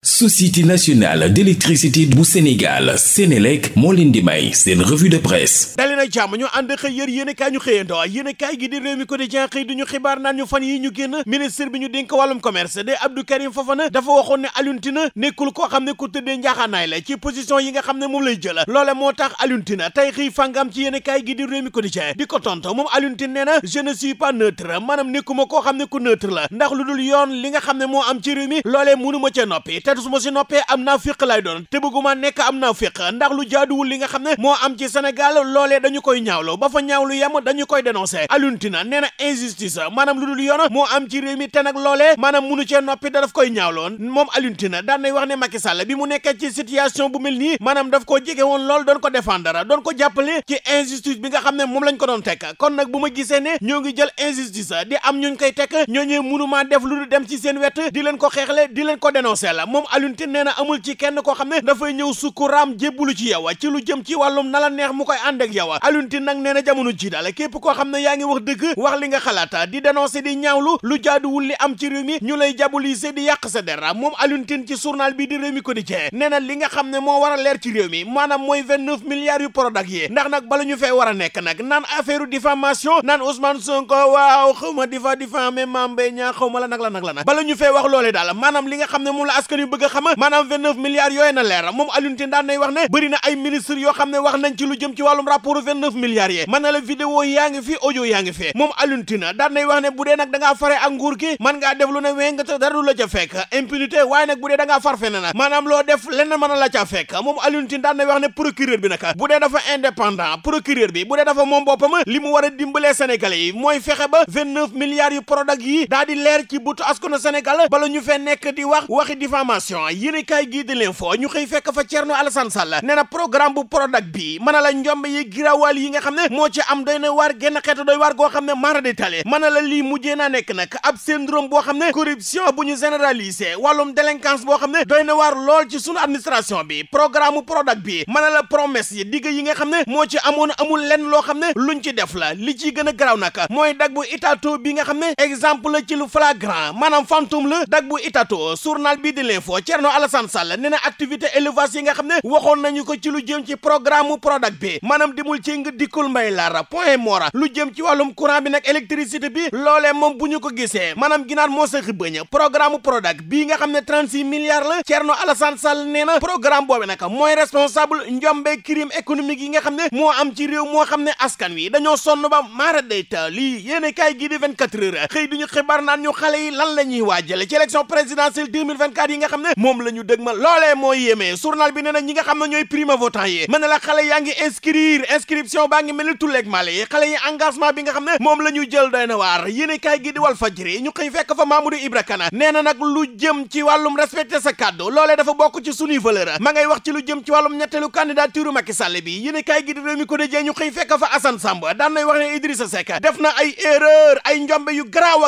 société nationale d'électricité bu Sénégal Sénélec moo leen di may seen revue de presse dali na ñu ànd xëy yër yéen ñu xëyandoo yéen kaay gi di réew mi quotidien xëy di ñu xibaar naan ñu fan yi ñu génn ministre bi ñu dénk wàllum commerce de Abdou Karim Fofana dafa waxoon ne Alioune Tine nekkul koo xam ne ku tëddee njaaxaanaay la ci position yi nga xam ne moom lay jël loole moo tax Alioune Tine tey xëy fàngam ci yéen kaay gi di réew mi quotidien di ko tontu moom Alioune Tine nee na je ne suis pas ndax lu dul yoon li nga xam ne moo am ci réew mi loolee mënuma ca te su si noppee am naa féq lay doon te bëgguma nekk am naa féq ndax lu jaaduwul li nga xam ne moo am ci Sénégal loolee dañu koy ñaawlu ba fa ñaawlu yem dañu koy dénoncé Alioune Tine nee na injustice maanaam lu dul moo am ci réew te nag loolee maanaam munu cee noppi daf koy ñaawloo moom Alioune Tine daan wax ne Macky Sall bi mu nekkee situation bu mel nii maanaam daf koo jege woon lool doon ko défendre doon ko jàppale ci injustice bi nga xam ne moom lañ ko doon tekk kon nag bu ma gisee ne ñoo ngi jël injustice di am ñuñ koy tekk ñooñee mënumaa def lu dul dem ci seen wet di leen ko xeexle di leen ko dénoncé la moom Alioune Tine nee na amul ci kenn koo xam ne dafay ñëw sukkuraam jébbalu ci yow ci lu jëm ci wàllum na la neex mu koy ànd ak yow Alioune Tine nag nee na jamono ji koo xam ne yaa ngi wax dëgg wax li nga xalaata di dénoncer di ñaawlu lu jaaduwul li am ci réew mi ñu lay diaboliser di yàq sa der moom Alioune ci journal bi di réew mi quotidien nee na li nga xam ne moo war a leer ci réew mi maanaam mooy vingt-neuf milliards yu Prodac yi ndax nag bala ñu fee war a nekk nag naan affaire diffamation naan Ousmane Sonko waaw xaw ma difa diffamé Mame Mbaye ma la nag bëgg xam maanaam vingt neuf milliards yooyu na leer moom Alioune daan nay wax ne bëri ay ministre yoo xam ne wax nañ ci jëm ci wàllum rapport vingt neuf milliards yi mën la vidéo yaa ngi fi audio yaa ngi fi moom Alioune daan nay wax ne bu nag da fare ak nguur gi mën def lu ne weng dara du la ca fekk impunité waaye nag bu dafa indépendant procureur bi bu dafa moom boppam li mu war a dimbalee yi mooy fexe ba vingt neuf milliards yu product Libération yéenekaay gii di l'info ñu xëy fekk fa Thierno Alassane Sall nee na programme bu Prodac bi mën la njombe yi girawaal yi nga xam ne moo ci am doy na waar genn xeetu doy waar goo xam ne maara détaillé mën la lii mujjee naa nekk ab syndrome boo xam ne corruption bu ñu généralisé wàllum délinquance boo xam ne doy na waar lool ci sunu administration bi programme bu Prodac bi mën na la promesse yi digg yi nga xam ne moo ci amoon amul lenn loo xam ne luñ ci def a info Thierno Alassane Sall nee na activité élevage yi nga xam ne waxoon nañu ko ci lu jëm ci programme mu Prodac bi maanaam dimul ci nga dikkul mbay laara point mora lu jëm ci wàllum courant bi nag électricité bi loolee moom bu ñu ko gisee maanaam ginaar moo sa xibëñ programme mu bii nga xam ne 36 milliards la Thierno Alassane Sall nee na programme boobu nag mooy responsable njombe crime économique yi nga xam ne moo am ci réew moo xam ne askan wi dañoo sonn ba xam ne moom la ñu dëgmal loolee moo yéemee journal bi nee na ñi nga xam ne ñooy primo votant yi mën na la xale yaa ngi inscrire inscription baa ngi mel ni tulleeg yi xale yi engagement bi nga xam ne moom la ñu jël doy na waar yéene kaay gi di wal fajri ñu koy fekk fa Mamadou Ibra Kane nee na nag lu jëm ci wàllum respecté sa kàddu loolee dafa bokk ci sunuy valeur ma ngay wax ci lu jëm ci wàllum ñetteelu candidature Macky Sall bi yéene kaay gi di Rewmi yu garaaw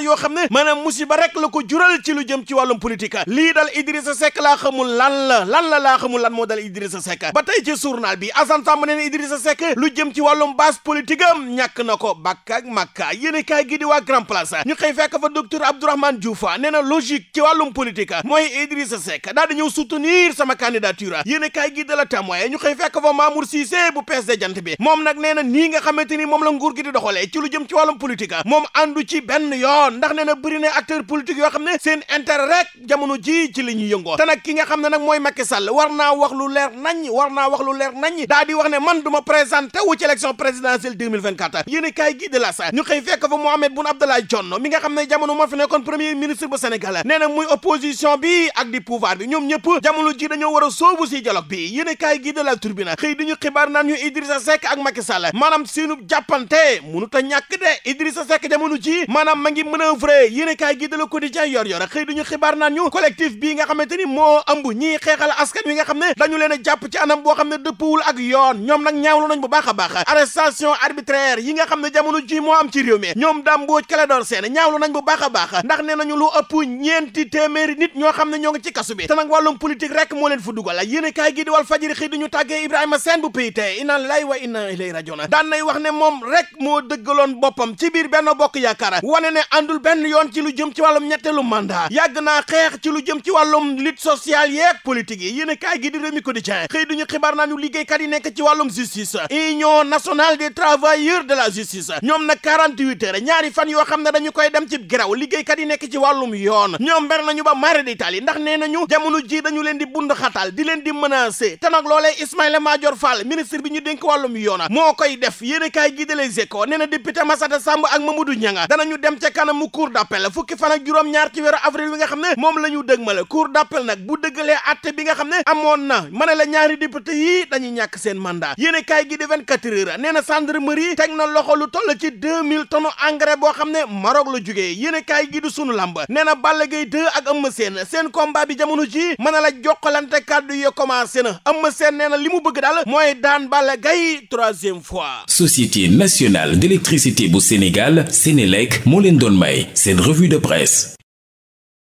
yoo xam ne maanaam musiba rek la ko jural ci lu jëm ci wàllum politique lii dal Idrissa Seck xamul lan la lan la laa xamul lan moo dal Idrissa Seck ba tey ci journal bi Assane Samb nee na Idrissa Seck lu jëm ci wàllum base politique am ñàkk na ko bakka ak makka yéen kaay gi di waa Grand Place ñu xëy fekk fa docteur Abdourahmane Diouf nee na logique ci wàllum politique mooy Idrissa Seck daal di ñëw soutenir sama candidature yéen kaay gi la Témoin ñu xëy fekk fa Mamour Cissé bu PSD jant bi moom nag nee na nii nga xamante ni moom la nguur gi di doxalee ci lu jëm ci wàllum politique moom benn yoon ndax na bëri na acteur politique yoo xam ne seen intérêt rek jamono jamono ki nga xam ne nag mooy Macky Sall war naa wax lu leer nañ war naa wax lu leer nañ daa di ne man du ma présenté wu ci élection présidentielle 2024 yéen a sa ñu xëy fekk fa Mohamed Boun Abdallah Dionne mi nga xam ne jamono moo fi nekkoon premier ministre bu Sénégal nee na muy opposition bi ak di pouvoir bi ñoom ñëpp jamono ji dañoo war a soobu si dialogue bi yéen a kaay gii de di ñu xibaar naan ñu Idrissa a ñàkk de Idrissa a la Quotidien collectif bii nga xamante ni moo ëmb ñiy xeexal askan wi nga xam ne dañu leen a jàpp ci anam boo xam ne dëpp wul ak yoon ñoom nag ñaawlu nañ bu baax a baax arrestation arbitraire yi nga xam ne jamono ji moo am ci réew mi ñoom daam mbooj Clédor Sène ñaawlu nañ bu baax a baax ndax nee nañu lu ëpp ñeenti téeméeri nit ñoo xam ne ñoo ngi ci kasu bi te nag wàllum politique rek moo leen fu dugal yéen kaay gi di wal fajiri xëy duñu tàggee Ibrahima Sène bu PIT daan nay wax ne moom rek moo dëggaloon boppam ci biir benn bokk yaakaar wane ne àndul benn yoon ci lu jëm ci wàllum ñetteelu mandat yàgg naa xeex ci lu jëm ci wàllum lutte sociale yeeg politique yi yéen a kaay gi di Rewmi Quotidien xëy duñu xibaar naa ñu liggéeykat yi nekk ci wàllum justice union nationale des travailleurs de la justice ñoom nag 48 heures ñaari fan yoo xam ne dañu koy dem ci grève liggéeykat yi nekk ci wàllum yoon ñoom ber nañu ba mara d'Italie ndax nee ñu jamono ji dañu leen di bund xatal di leen di menacer te nag loolee Ismaïla Madior ministre bi ñu dénk wàllum yoon moo koy def yéen a kaay nga xam ne moom lañu ñu dëgmale cour d'appel nag bu dëggalee atte bi nga xam ne amoon na ma ne la ñaari député yi dañuy ñàkk seen mandat yéene kaay gi di 24 heures nee na gendarmerie teg na loxo lu toll ci 2000 tonnes engrais boo xam ne Maroc la jógee yéene kaay gi du sunu làmb nee na Balla gay 2 ak Eumeu Sène seen combat bi jamono ji mën a la jokkalante kàddu yi commencé na Eumeu Sène nee na li mu bëgg daal mooy daan Balla Gaye troisième fois. Société nationale d'électricité bu Sénégal Sénélec moo leen doon may seen revue de presse.